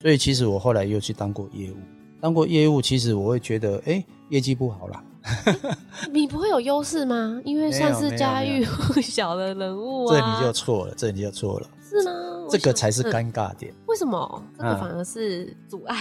所以其實我後來又去當過業務，當過業務，其實我會覺得，哎、欸，業績不好啦 、欸。你不會有優勢嗎？因為像是家喻戶曉 的人物啊。這你就錯了，這你就錯了。是嗎？這個才是尷尬點、嗯。為什麼？這個反而是阻礙、啊，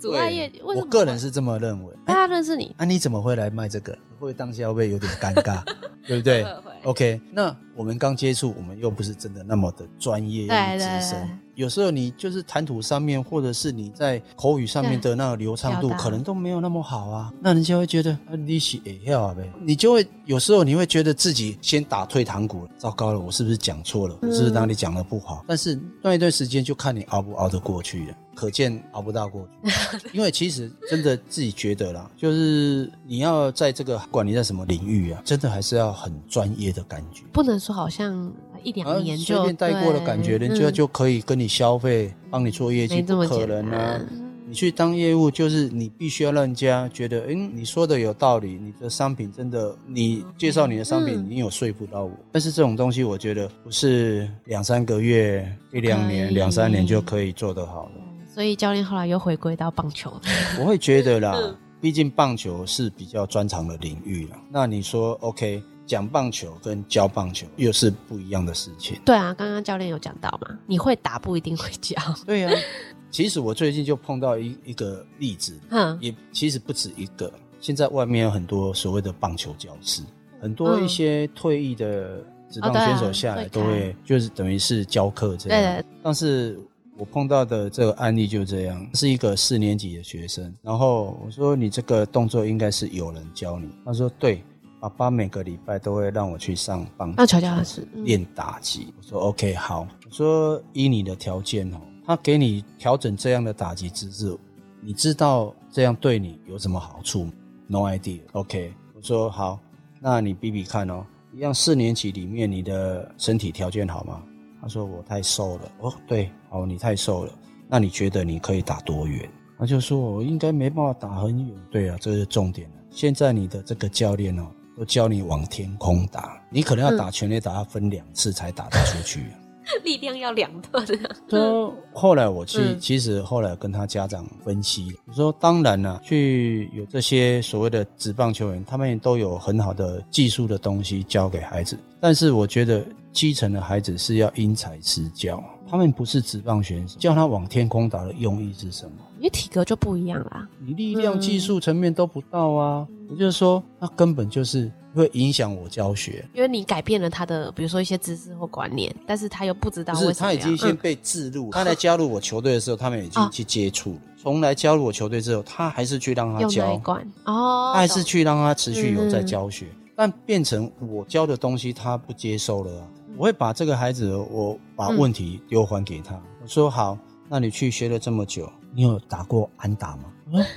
阻礙業績。我個人是這麼認為、欸。大家認識你，啊，你怎麼會來賣這個？會當下會有點尷尬， 對不對？OK，那我們剛接觸，我們又不是真的那麼的專業，的資深。對對對有時候你就是談吐上面，或者是你在口語上面的那個流暢度，可能都沒有那麼好啊。啊那人家會覺得、啊、你寫也還唄。你就會有時候你會覺得自己先打退堂鼓了，糟糕了，我是不是講錯了？嗯、我是不是當你講得不好？但是那一段時間就看你熬不熬得過去了。可見熬不到過去， 因為其實真的自己覺得啦，就是你要在這個，管你在什麼領域啊，真的還是要很專業的感覺，不能說好像。一點研究，帶過的感覺，人家就可以跟你消費，幫、嗯、你做業績、啊，沒這麼簡單。你去當業務，就是你必須要讓人家覺得，哎、欸，你說的有道理，你的商品真的，你介紹你的商品，你有說服到我 okay，嗯。但是這種東西，我覺得不是兩三個月、一兩年、兩三年就可以做得好的。所以教練後來又回歸到棒球。我會覺得啦，畢 竟棒球是比較專長的領域了。那你說，OK？講棒球跟教棒球又是不一樣的事情。對啊，剛剛教練有講到嘛，你會打不一定會教。對啊， 其實我最近就碰到一一個例子，嗯，也其實不止一個。現在外面有很多所謂的棒球教師，很多一些退役的職棒、嗯、選手下來都會，oh, 啊都會啊、就是等於是教課這樣。對,對,對。但是我碰到的這個案例就這樣，是一個四年級的學生，然後我說你這個動作應該是有人教你，他說對。爸爸每個禮拜都會讓我去上棒球，那喬教練練打擊。我說 OK，好。我說以你的條件哦，他給你調整這樣的打擊姿勢，你知道這樣對你有什麼好處嗎？No idea。OK，我說好，那你比比看哦，一樣四年級裡面你的身體條件好嗎？他說我太瘦了。哦，對，哦你太瘦了。那你覺得你可以打多遠？他就說我應該沒辦法打很遠。對啊，這是重點。現在你的這個教練哦。都教你往天空打，你可能要打全力打，嗯、打分兩次才打得出去， 力量要兩段。說 後來我去，嗯、其實後來跟他家長分析，我說當然了、啊，去有這些所謂的職棒球員，他們都有很好的技術的東西教給孩子，但是我覺得基層的孩子是要因材施教。他們不是職棒選手，叫他往天空打的用意是什麼？你體格就不一樣啦、啊。你力量、技術層面都不到啊、嗯。也就是說，他根本就是會影響我教學，因為你改變了他的，比如說一些知識或觀念，但是他又不知道為什麼。不是，他已經先被置入、嗯。他來加入我球隊的時候，啊、他們已經去接觸了。從來加入我球隊之後，他還是去讓他教，他哦，他還是去讓他持續有在教學，嗯、但變成我教的東西他不接受了、啊。我會把這個孩子，我把問題丟還給他、嗯。我說好，那你去學了這麼久，你有打過安打嗎？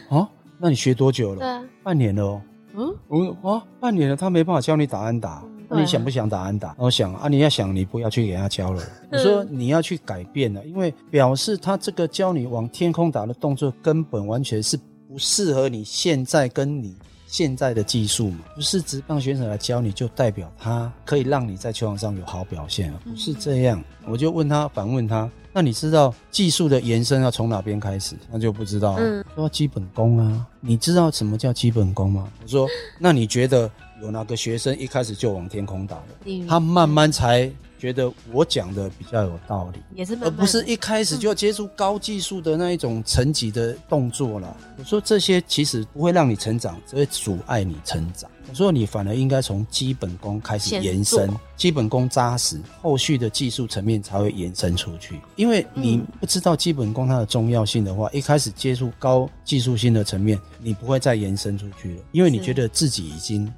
嗯、啊？那你學多久了？對，半年了。嗯，我啊，半年了、喔，嗯、半年了他沒辦法教你打安打。那、嗯啊、你想不想打安打？然後我想啊，你要想，你不要去給他教了、嗯。我說你要去改變了，因為表示他這個教你往天空打的動作，根本完全是不適合你現在跟你。現在的技術嘛，不是職棒選手來教你就代表他可以讓你在球場上有好表現啊，不、嗯、是這樣。我就問他，反問他，那你知道技術的延伸要從哪邊開始？那就不知道、啊。嗯，說基本功啊，你知道什麼叫基本功嗎？我說，那你覺得有哪個學生一開始就往天空打了？嗯、他慢慢才。覺得我講的比較有道理，也是慢慢，而不是一開始就要接觸高技術的那一種層級的動作了、嗯。我說這些其實不會讓你成長，只會阻礙你成長。我說你反而應該從基本功開始延伸，基本功扎實，後續的技術層面才會延伸出去。因為你不知道基本功它的重要性的話，嗯、一開始接觸高技術性的層面，你不會再延伸出去了，因為你覺得自己已經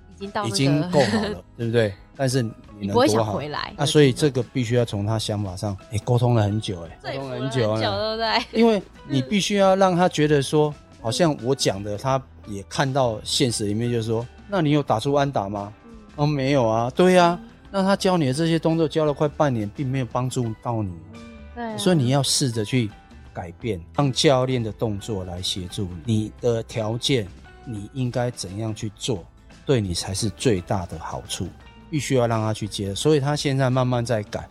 已經夠好了， 對不對？但是你，能你不會想回來啊，所以這個必須要從他想法上，哎、欸，溝通了很久、欸，哎，溝通很久了，因為你必須要讓他覺得說， 好像我講的，他也看到現實裡面，就是說、嗯，那你有打出安打嗎？哦、嗯啊，沒有啊，對呀、啊嗯，那他教你的這些動作教了快半年，並沒有幫助到你，對、啊，所以你要試着去改變，讓教練的動作來協助你，你的條件，你應該怎樣去做，對你才是最大的好處。必須要讓他去接，所以他現在慢慢在改，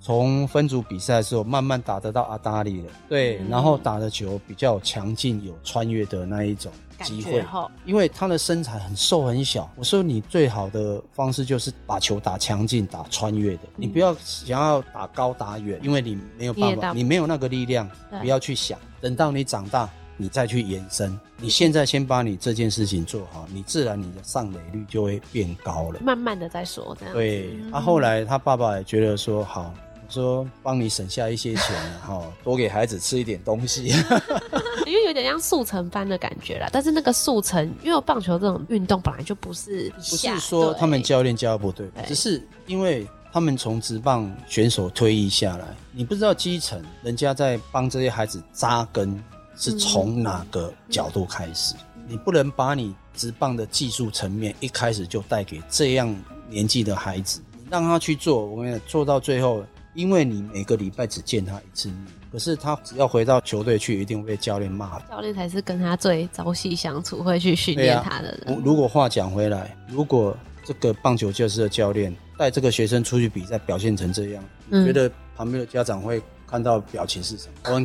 從分組比賽的時候慢慢打得到阿達利了，對、嗯，然後打的球比較強勁，有穿越的那一種機會，因為他的身材很瘦很小，我說你最好的方式就是把球打強勁，打穿越的、嗯，你不要想要打高打遠，因為你沒有辦法，你，你沒有那個力量，不要去想，等到你長大。你再去延伸，你現在先把你這件事情做好，你自然你的上壘率就會變高了。慢慢的再說，這樣。對他、嗯啊、後來，他爸爸也覺得說，好，說幫你省下一些錢、啊，哈， 多給孩子吃一點東西。 因為有點像速成班的感覺啦。但是那個速成，因為棒球這種運動本來就不是不是說他們教練教得不對，只是因為他們從職棒選手退役下來，你不知道基層人家在幫這些孩子扎根。是從哪個角度開始？你不能把你職棒的技術層面一開始就帶給這樣年紀的孩子，讓他去做。我們也做到最後，因為你每個禮拜只見他一次，可是他只要回到球隊去，一定會被教練罵。教練才是跟他最朝夕相處、會去訓練他的人、啊。如果話講回來，如果這個棒球教室的教練帶這個學生出去比賽，表現成這樣，你覺得旁邊的家長會？看到表情是什麼，什麼，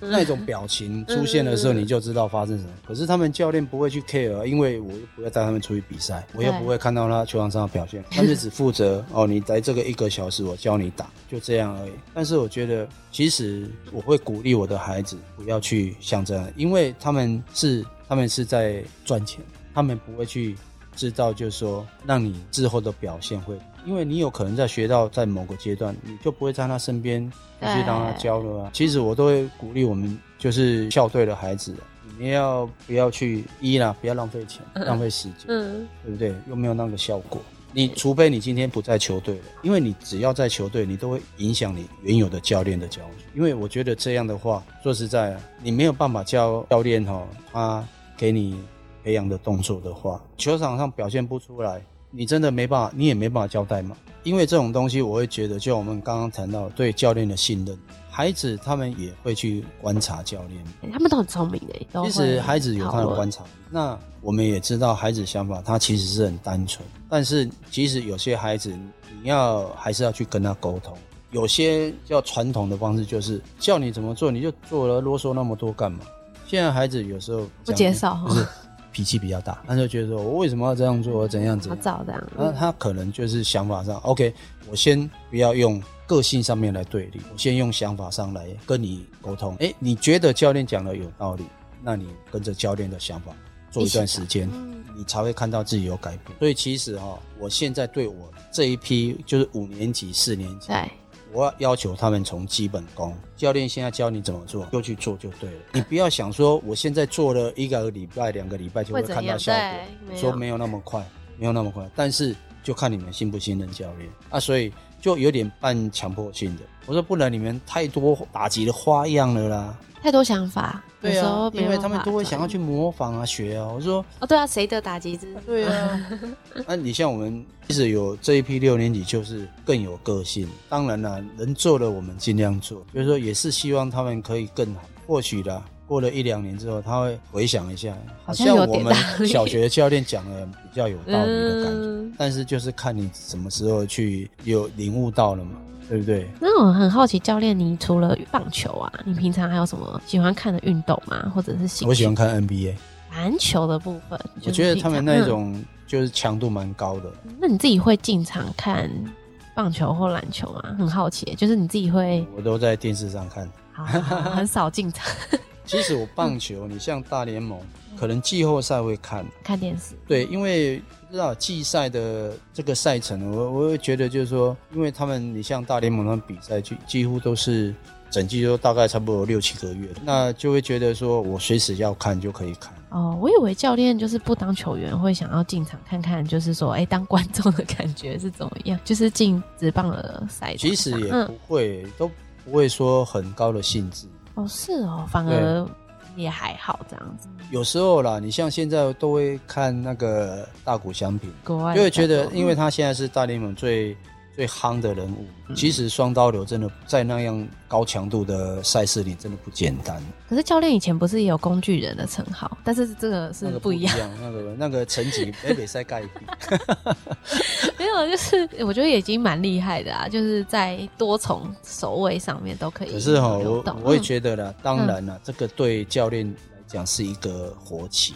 那種表情出現的時候，你就知道發生什麼。 可是他們教練不會去 care，、啊、因為我又不會帶他們出去比賽，我又不會看到他球場上的表現，他們只負責 哦，你在這個一個小時我教你打，就這樣而已。但是我覺得，其實我會鼓勵我的孩子不要去像這樣，因為他們是他們是在賺錢，他們不會去制造，就是說讓你之後的表現會。因為你有可能在學到在某個階段，你就不會在他身邊去讓他教了、啊。其實我都會鼓勵我們就是校隊的孩子，你不要不要去醫啦？不要浪費錢、嗯，浪費時間，嗯，對不對？又沒有那個效果。你除非你今天不在球隊了，因為你只要在球隊，你都會影響你原有的教練的教。因為我覺得這樣的話，說實在，啊，你沒有辦法教教練哈、哦，他給你培養的動作的話，球場上表現不出來。你真的沒辦法，你也沒辦法交代嘛。因為這種東西，我會覺得，就我們剛剛談到對教練的信任，孩子他們也會去觀察教練、欸，他們都很聰明的、欸。其實孩子有他的觀察力，那我們也知道孩子想法，他其實是很單純、嗯。但是即使有些孩子，你要還是要去跟他溝通。有些叫傳統的方式，就是叫你怎麼做，你就做了，囉嗦那麼多幹嘛？現在孩子有時候不接受哈。脾氣比較大，他就覺得說我為什麼要這樣做？怎樣子？他、啊、早這樣。那、嗯、他可能就是想法上，OK，我先不要用個性上面來對立，我先用想法上來跟你溝通。誒，你覺得教練講的有道理？那你跟着教練的想法做一段時間，你才會看到自己有改變。所以其實啊、哦，我現在對我這一批就是五年級、四年級。我要要求他們從基本功，教練現在教你怎麼做，就去做就對了。你不要想說，我現在做了一個禮拜、兩個禮拜就會看到效果，說沒有那麼快沒，沒有那麼快。但是就看你們信不信任教練啊，所以。就有點半強迫性的，我說不然你們太多打擊的花樣了啦，太多想法，對啊，因為他們都會想要去模仿啊、學啊。我說，哦，對啊，誰的打擊之對啊？那你像我們，其實有這一批六年級，就是更有個性。當然啦，能做的我們盡量做，就是說也是希望他們可以更好，或許啦過了一兩年之後，他會回想一下，好像我們小學的教練講的比較有道理的感覺、 嗯，但是就是看你什麼時候去有領悟到了嘛，對不對？那我很好奇，教練，你除了棒球啊，你平常還有什麼喜歡看的運動嗎？或者是喜歡？我喜歡看 NBA，籃球的部分，就是，我覺得他們那種就是強度蠻高的、嗯。那你自己會進場看棒球或籃球嗎？很好奇，就是你自己會，我都在電視上看，好好好，很少進場。 其實我棒球，嗯、你像大聯盟、嗯，可能季後賽會看看電視。對，因為不知道季賽的這個賽程，我我會覺得就是說，因為他們你像大聯盟的比賽就，幾幾乎都是整季都大概差不多六七個月、嗯，那就會覺得說，我隨時要看就可以看。哦，我以為教練就是不當球員會想要進場看看，就是說，哎，當觀眾的感覺是怎麼樣？就是進職棒的賽。其實也不會、嗯，都不會說很高的興致。哦，是哦，反而也還好這樣子。有時候啦，你像現在都會看那個大谷翔平，就會覺得，因為他現在是大聯盟最、嗯、最夯的人物。其實雙刀流真的在那樣高強度的賽事裡真的不簡單。嗯、可是教練以前不是也有工具人的稱號？但是這個是不一樣，那個不一樣 那個成績北比賽蓋。那個 就是我覺得也已經蠻厲害的啊。就是在多重守位上面都可以。可是哈，我我也覺得呢，當然了、嗯，這個對教練來講是一個活棋。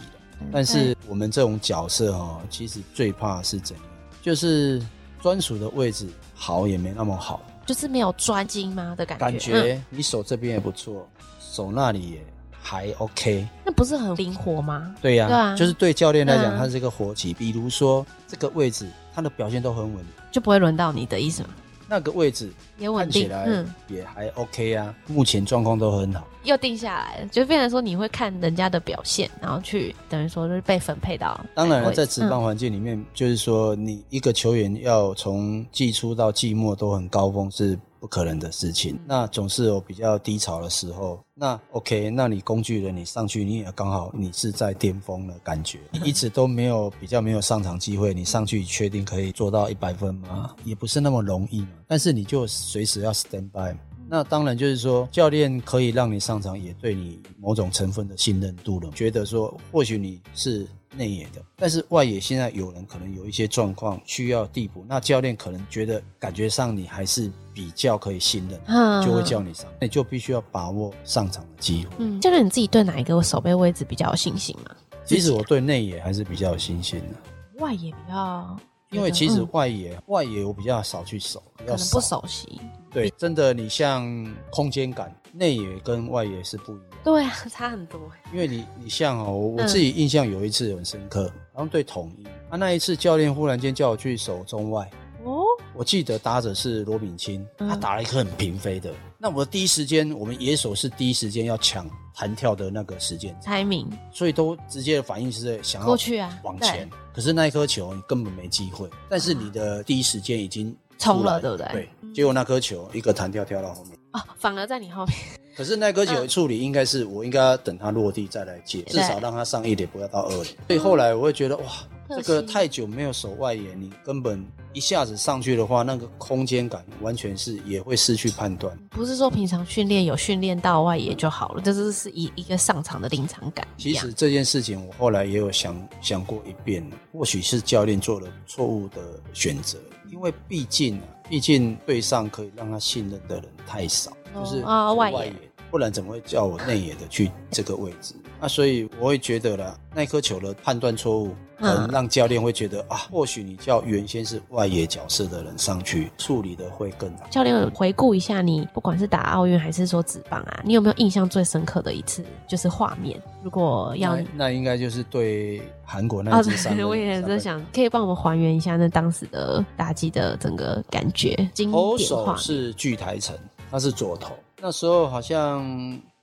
但是我們這種角色哦，其實最怕是怎樣？就是專屬的位置好也沒那麼好，就是沒有專精嗎的感覺？感覺你手這邊也不錯、嗯，手那裡也還 OK。那不是很靈活嗎？對呀、啊啊，就是對教練來講，它是一個活棋。比如說這個位置。他的表現都很穩，就不會輪到你的意思嗎？那個位置也穩定，嗯，看起來也還 OK 啊。嗯、目前狀況都很好，又定下來了，就變成說你會看人家的表現，然後去等於說就是被分配到。當然了，在職棒環境裡面、嗯，就是說你一個球員要從季初到季末都很高峰是，不可能的事情。那總是有比較低潮的時候。那 OK，那你工具人，你上去你也剛好你是在巔峰的感覺，你一直都沒有比較沒有上場機會。你上去確定可以做到一百分嗎？也不是那麼容易嘛。但是你就隨時要 stand by。那當然就是說，教練可以讓你上場，也對你某種成分的信任度了，覺得說或許你是內野的，但是外野現在有人可能有一些狀況需要遞補，那教練可能覺得感覺上你還是。比較可以信任，嗯、就會叫你上，那就必須要把握上場的機會。教、嗯、練，就你自己對哪一個守備位置比較有信心嗎？啊、其實我對內野還是比較有信心的，啊，外野比較。因為其實外野、嗯，外野我比較少去守少，可能不熟悉。對，真的，你像空間感，內野跟外野是不一樣。對啊，差很多。因為你，你像哦，我自己印象有一次很深刻，然、嗯、後對統一啊，那一次教練忽然間叫我去守中外。我記得打者是羅敏卿，他打了一顆很平飛的。嗯、那我們第一時間，我們野手是第一時間要搶彈跳的那個時間。timing。所以都直接的反應是在想要過去啊往前。可是那一顆球你根本沒機會，但是你的第一時間已經出來了，啊、對不對？對。結果那顆球一個彈跳跳到後面。哦、啊，反而在你後面。可是那顆球的、嗯、處理應該是我應該要等它落地再來接，至少讓它上一點，不要到二點。所以後來我會覺得哇。這個太久沒有守外野，你根本一下子上去的話，那個空間感完全是也會失去判斷。不是說平常訓練有訓練到外野就好了，嗯、這就是一一個上場的臨場感。其實這件事情我後來也有想想過一遍了，或許是教練做了錯誤的選擇，因為畢竟、啊、畢竟對上可以讓他信任的人太少，哦、就是外啊外野，不然怎麼會叫我內野的去這個位置？ 那所以我會覺得啦，那顆球的判斷錯誤。嗯、可能讓教練會覺得啊，或許你叫原先是外野角色的人上去處理的會更好。教練回顧一下你，你不管是打奧運還是說職棒啊，你有沒有印象最深刻的一次就是畫面？如果要那，那應該就是對韓國那次三分、哦。我也是在想，可以幫我們還原一下那當時的打擊的整個感覺。投、嗯、手是巨台城，他是左投。那時候好像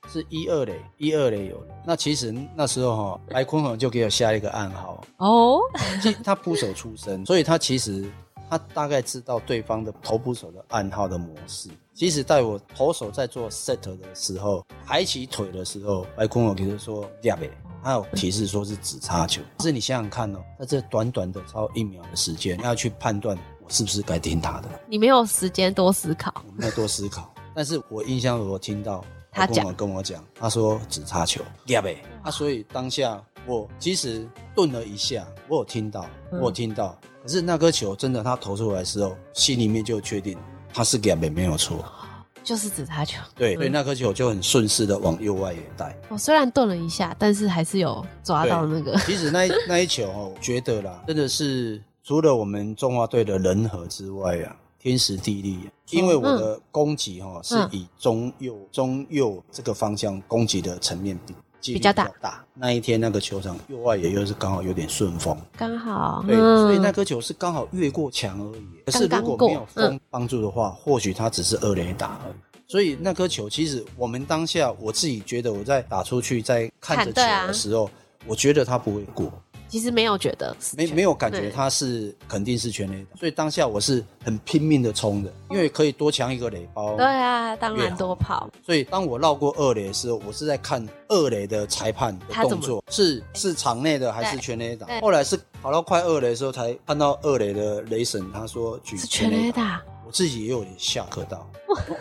是一二壘，一二壘有。那其實那時候哈、喔，白昆宏就給我下一個暗號。哦、oh? 他捕手出身，所以他其實他大概知道對方的投捕手的暗號的模式。其實在我投手在做 set 的時候，抬起腿的時候，外公我跟他說、嗯，他有提示說是指叉球。可、嗯、是你想想看哦、喔，那這短短的超一秒的時間，你要去判斷我是不是該聽他的？你沒有時間多思考，我沒有多思考。 但是我印象我聽到外公跟我講，他說指叉球，他、嗯嗯啊、所以當下。我其實頓了一下，我有聽到，嗯、我有聽到。可是那顆球真的，他投出來的時候，心裡面就確定他是給沒有錯，就是指叉球。對對，嗯、所以那顆球就很順勢的往右外野帶。我雖然頓了一下，但是還是有抓到那個。其實那那一球，我覺得啦，真的是除了我們中華隊的人和之外啊，天時地利、啊嗯。因為我的攻擊哈，是以中右中右這個方向攻擊的層面比。比較大，那一天那個球場右外野又是剛好有點順風，剛好，對，嗯，所以那顆球是剛好越過牆而已。可是如果沒有風幫助的話，剛剛嗯，或許它只是二壘打。所以那顆球其實我們當下我自己覺得我在打出去在看着球的時候，啊，我覺得它不會過。其實沒有覺得，沒沒有感覺他是肯定是全雷打，所以當下我是很拼命的衝的，因為可以多搶一個壘包。對啊，當然多跑。所以當我繞過二壘的時候，我是在看二壘的裁判的動作，是是場內的還是全壘打？後來是跑到快二壘的時候才看到二壘的壘審，他說舉全壘打。我自己也有點嚇到，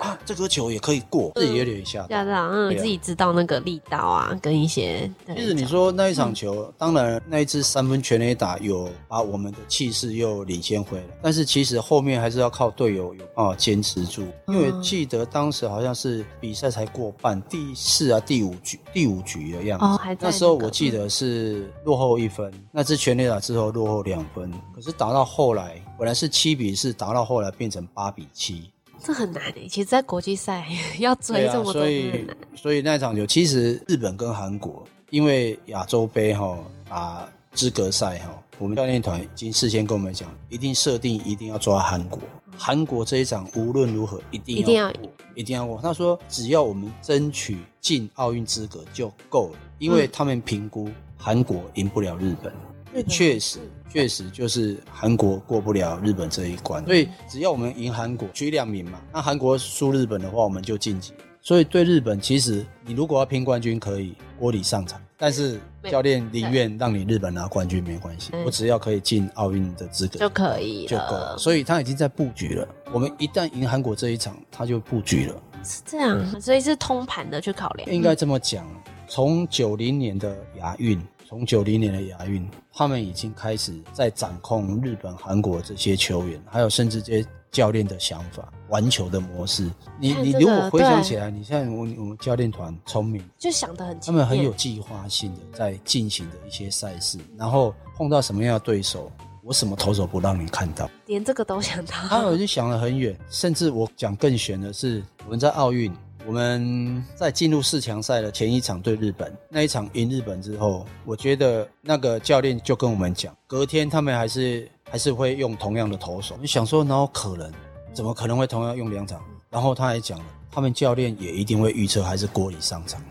哇，啊、這顆球也可以過，嗯，自己也有點嚇嚇到，啊，嗯，啊、自己知道那個力道啊，跟一些。其實你說那一場球，嗯、當然那一支三分全壘打，有把我們的氣勢又領先回來，但是其實後面還是要靠隊友有辦法堅持住，嗯，因為記得當時好像是比賽才過半，第四啊第五局第五局的樣子，哦，還那，那時候我記得是落後一分、嗯、分，那支全壘打之後落後兩分，嗯，可是打到後來。本來是七比四，打到後來變成八比七，這很難的。其實，在國際賽要追這麼多很難、啊、所以所以那場球，其實日本跟韓國，因為亞洲盃哈打資格賽哈，我們教練團已經事先跟我們講，一定設定一定要抓韓國。韓、嗯、國這一場無論如何一定要一定要，一定要過。他說，只要我們爭取進奧運資格就夠了，因為他們評估韓國贏不了日本，因為確、嗯、實。嗯確實就是韓國過不了日本這一關，所以只要我們贏韓國，取兩名嘛，那韓國輸日本的話，我們就晉級。所以對日本，其實你如果要拼冠軍，可以鍋裡上場，但是教練寧願讓你日本拿冠軍沒關係，我只要可以進奧運的資格就可以了。所以他已經在布局了。我們一旦贏韓國這一場，他就布局了。是這樣，所以是通盤的去考量。應該這麼講，從九零年的亞運。從九零年的亞運，他們已經開始在掌控日本、韓國這些球員，還有甚至這些教練的想法、玩球的模式。你、這個、你如果回想起來，你像我我們教練團聰明，就想得很。他們很有計劃性的在進行的一些賽事、嗯，然後碰到什麼樣的對手，我什麼投手不讓你看到，連這個都想到，他們就想得很遠，甚至我講更玄的是，我們在奧運。我們在進入四強賽的前一場對日本那一場，贏日本之後，我覺得那個教練就跟我們講，隔天他們還是還是會用同樣的投手。你想說，然後可能，怎麼可能會同樣用兩場，嗯？然後他還講了，他們教練也一定會預測還是郭李上場，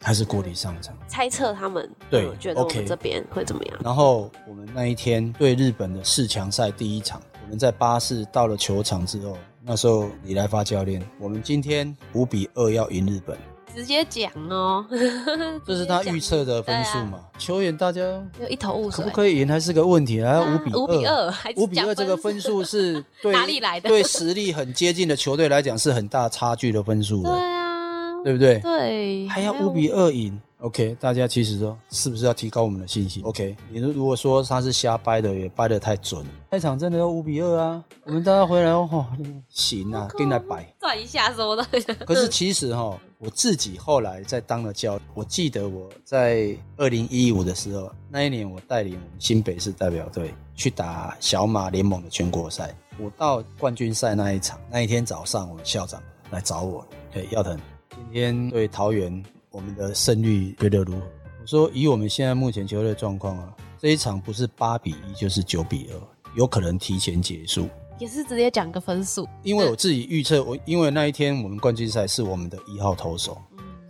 還是郭李上場，嗯。猜測他們對覺得我們這邊會怎麼樣？Okay. 然後我們那一天對日本的四強賽第一場，我們在巴士到了球場之後。那時候，李來發教練，我們今天五比二要贏日本，直接講哦呵呵接，這是他預測的分數嘛、啊？球員大家一頭霧水，可不可以贏還是個問題啊？五比二、啊，五比二這個分數是對哪裡來的？對實力很接近的球隊來講是很大差距的分數，對、啊、對不對？對，還要五比二贏。OK，大家其實說是不是要提高我們的信心？OK，你如果說他是瞎掰的，也掰得太準了，那場真的要五比二啊！ 我們大家回來哦，行啊，跟他掰，轉一下什麼的。是可是其實哈、喔， 我自己後來在當了教練，我記得我在二零一五的時候，那一年我帶領新北市代表隊去打小馬聯盟的全國賽，我到冠軍賽那一場，那一天早上我們校長來找我了，嘿，耀騰，今天對桃園。我們的勝率覺得如何？我說，以我們現在目前球隊狀況啊，這一場不是八比一就是九比二，有可能提前結束，也是直接講個分數。因為我自己預測，我因為那一天我們冠軍賽是我們的一號投手，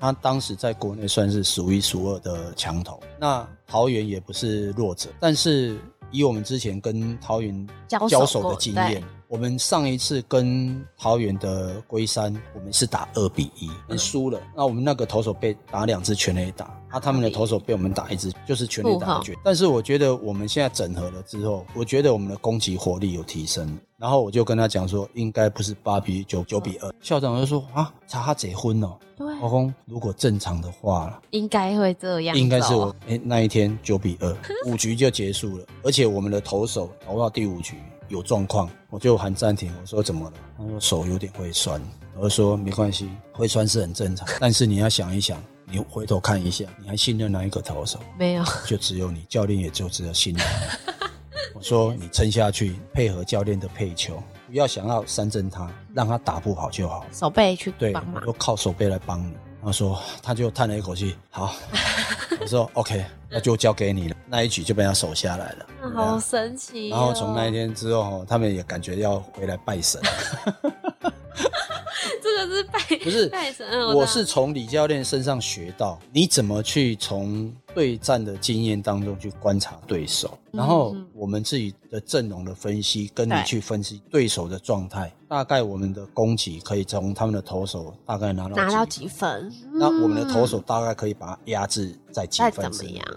他當時在國內算是數一數二的強投。那桃園也不是弱者，但是以我們之前跟桃園交手的經驗，我們上一次跟桃園的龜山，我們是打二比一，嗯，我們輸了。那我們那個投手被打兩支，全壘打，啊，他們的投手被我們打一支，嗯，就是全壘打局。但是我覺得我們現在整合了之後，我覺得我們的攻擊火力有提升。然後我就跟他講說，應該不是八比九，九比二。校長就說啊，差很多分哦。對，老公，如果正常的話應該會這樣。應該是我，欸，那一天九比二，五局就結束了， 而且我們的投手投到第五局。有狀況，我就喊暫停。我說怎麼了？他說手有點會酸。我說沒關係，會酸是很正常。但是你要想一想，你回頭看一下，你還信任哪一個投手？沒有，就只有你。教練也就只有信任。 我說你撐下去， 配合教練的配球，不要想要三振他，讓他打不好就好。手背去幫忙，對，我說靠手背來幫你。他說，他就嘆了一口氣，好， 我說 OK，那就交給你了。那一局就被他守下來了，嗯啊、好神奇、哦。然後從那一天之後，他們也感覺要回來拜神。 這是拜不是，拜神。我是從李教練身上學到，你怎麼去從對戰的經驗當中去觀察對手，然後我們自己的陣容的分析，跟你去分析對手的狀態、嗯，大概我們的攻擊可以從他們的投手大概拿到拿到幾分，嗯、那我們的投手大概可以把它壓制在幾分。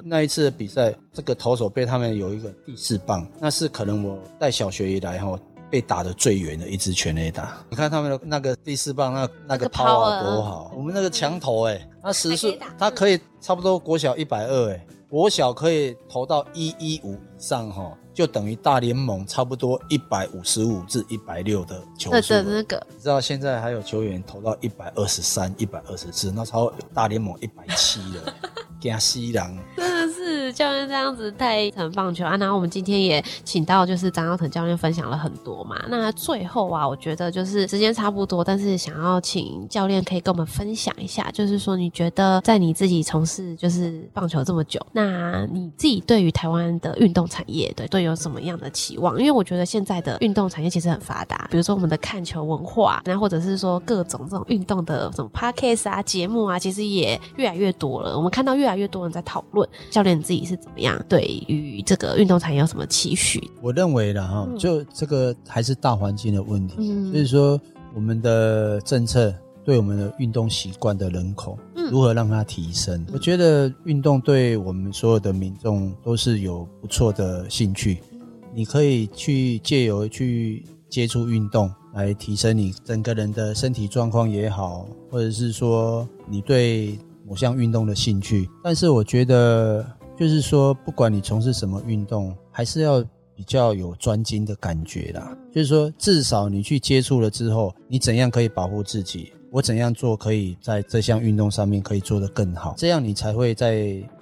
那一次的比賽，這個投手被他們有一個第四棒，那是可能我帶小學以來後。被打得最的最遠的一支全壘打，你看他們的那個第四棒，那那個拋啊多好、那個！我們那個強投，哎，他時速他可以差不多國小一百二，哎，國小可以投到一一五以上哈，就等於大聯盟差不多一百五十五至一百六的球數。對對對，那個，你知道現在還有球員投到一百二十三、一百二十四，那超大聯盟一百七的，驚死人。真的是。教練這樣子太成棒球啊！那我們今天也請到就是張耀騰教練分享了很多嘛。那最後啊，我覺得就是時間差不多，但是想要請教練可以跟我們分享一下，就是說你覺得在你自己從事就是棒球這麼久，那你自己對於台灣的運動產業，對，都有什麼樣的期望？因為我覺得現在的運動產業其實很發達，比如說我們的看球文化，那或者是說各種這種運動的什麼 podcast 啊、節目啊，其實也越來越多了。我們看到越來越多人在討論，教練你自己。是怎麼樣？對於這個運動產業有什麼期許？我認為了哈、嗯，就這個還是大環境的問題、嗯，就是說我們的政策對我們的運動習慣的人口，如何讓它提升、嗯？我覺得運動對我們所有的民眾都是有不錯的興趣。嗯、你可以去借由去接觸運動，來提升你整個人的身體狀況也好，或者是說你對某項運動的興趣。但是我覺得。就是說，不管你從事什麼運動，還是要比較有專精的感覺啦。就是說，至少你去接觸了之後，你怎樣可以保護自己？我怎樣做可以在這項運動上面可以做得更好？這樣你才會在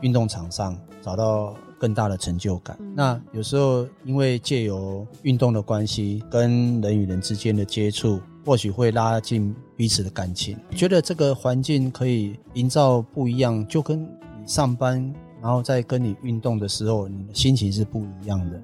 運動場上找到更大的成就感。那有時候因為借由運動的關係，跟人與人之間的接觸，或許會拉近彼此的感情，覺得這個環境可以營造不一樣，就跟你上班。然後在跟你運動的時候，你的心情是不一樣的。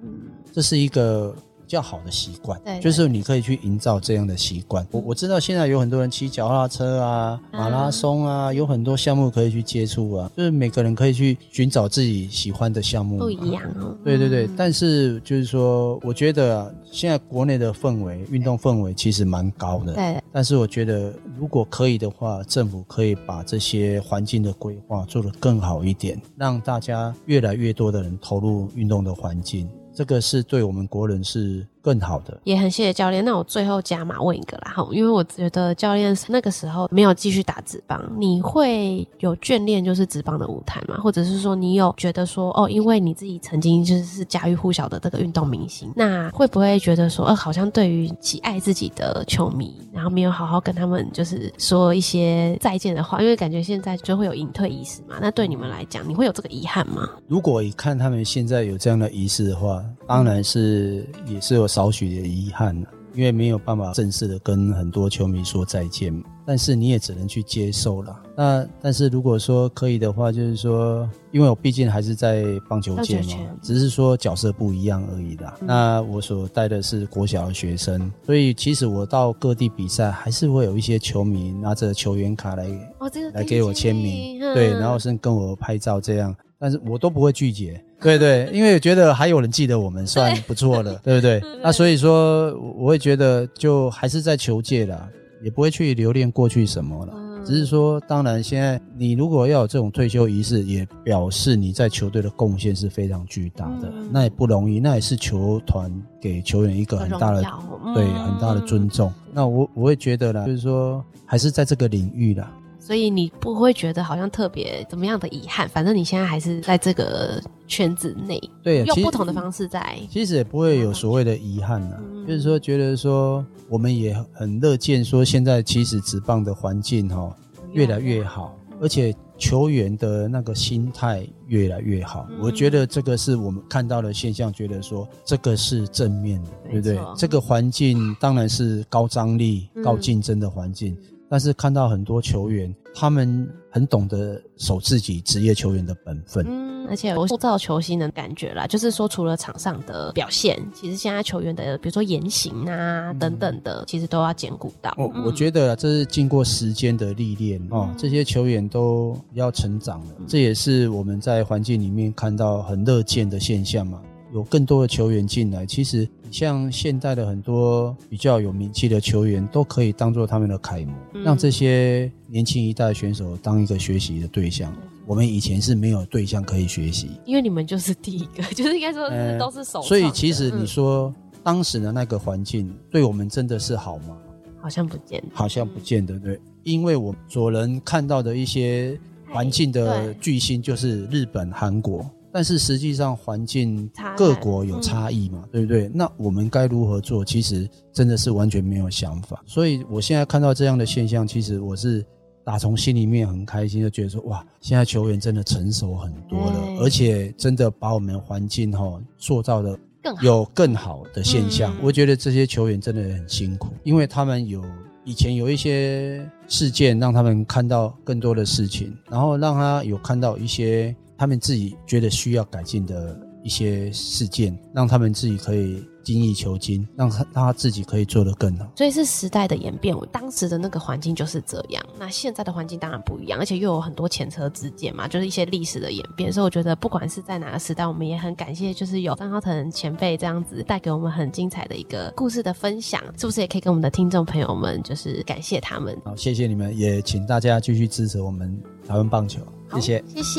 這是一個。比較好的習慣，對對對對，就是你可以去營造這樣的習慣。我我知道現在有很多人騎腳踏車啊、馬拉松啊，嗯、有很多項目可以去接觸啊。就是每個人可以去尋找自己喜歡的項目、啊，不一樣、嗯。對對對，但是就是說，我覺得、啊、現在國內的氛圍，運動氛圍其實蠻高的。對。但是我覺得，如果可以的話，政府可以把這些環境的規劃做得更好一點，讓大家越來越多的人投入運動的環境。這個是對我們國人是。更好的，也很謝謝教練。那我最後加碼問一個啦，然後因為我覺得教練那個時候沒有繼續打職棒，你會有眷戀就是職棒的舞台嗎？或者是說你有覺得說哦，因為你自己曾經就是，是家喻戶曉的這個運動明星，那會不會覺得說哦、呃，好像對於喜愛自己的球迷，然後沒有好好跟他們就是說一些再見的話，因為感覺現在就會有隱退儀式嘛？那對你們來講，你會有這個遺憾嗎？如果你看他們現在有這樣的儀式的話。當然是，也是有少許的遺憾，因為沒有辦法正式的跟很多球迷說再見。但是你也只能去接受了。那但是如果說可以的話，就是說，因為我畢竟還是在棒球界嘛，只是說角色不一樣而已啦、嗯。那我所帶的是國小的學生，所以其實我到各地比賽，還是會有一些球迷拿着球員卡來、哦這個、來給我簽名、嗯，對，然後是跟我拍照這樣，但是我都不會拒絕。對對，因為覺得還有人記得我們 算不錯的。 對不對？那所以說，我會覺得就還是在球界啦，也不會去留戀過去什麼了、嗯。只是說，當然現在你如果要有這種退休儀式，也表示你在球隊的貢獻是非常巨大的，嗯、那也不容易，那也是球團給球員一個很大的很、嗯、對很大的尊重。嗯、那我我會覺得呢，就是說還是在這個領域啦。所以你不會覺得好像特別怎麼樣的遺憾，反正你現在還是在這個圈子內，對，用不同的方式在。其實也不會有所謂的遺憾吶、啊，就是說覺得說我們也很樂見說現在其實職棒的環境哈越來越好、嗯，而且球員的那個心態越來越好、嗯。我覺得這個是我們看到的現象，覺得說這個是正面的，對不對？這個環境當然是高張力、高競爭的環境。嗯但是看到很多球員，他們很懂得守自己職業球員的本分，嗯，而且有塑造球星的感覺啦，就是說，除了場上的表現，其實現在球員的，比如說言行啊、嗯、等等的，其實都要兼顧到。我、哦嗯、我覺得這是經過時間的歷練哦，這些球員都要成長了、嗯，這也是我們在環境裡面看到很樂見的現象嘛。有更多的球員進來，其實像現代的很多比較有名氣的球員，都可以當做他們的楷模，嗯、讓這些年輕一代的選手當一個學習的對象。我們以前是沒有對象可以學習，因為你們就是第一個，就是應該說都是手、呃。所以其實你說、嗯、當時的那個環境對我們真的是好嗎？好像不見好像不見得對、嗯，因為我所能看到的一些環境的巨星就是日本、韓國。但是實際上，環境各國有差異嘛，對不對？那我們該如何做？其實真的是完全沒有想法。所以我現在看到這樣的現象，其實我是打從心裡面很開心，就覺得說哇，現在球員真的成熟很多了，欸、而且真的把我們的環境哈塑造的有更好的現象、嗯。我覺得這些球員真的很辛苦，因為他們有以前有一些事件讓他們看到更多的事情，然後讓他有看到一些。他們自己覺得需要改進的一些事件，讓他們自己可以精益求精，讓他讓他自己可以做得更好。所以是時代的演變，我當時的那個環境就是這樣。那現在的環境當然不一樣，而且又有很多前車之鑑嘛，就是一些歷史的演變。所以我覺得不管是在哪個時代，我們也很感謝，就是有張耀騰前輩這樣子帶給我們很精彩的一個故事的分享。是不是也可以跟我們的聽眾朋友們，就是感謝他們？好，謝謝你們，也請大家繼續支持我們台灣棒球。謝謝，謝謝。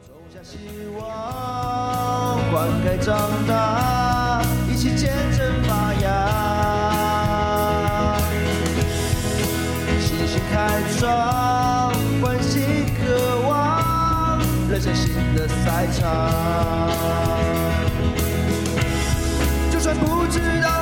種下希望，灌溉長大，一起見證發芽。信心開創，關心渴望，人生新的賽場。就算不知道。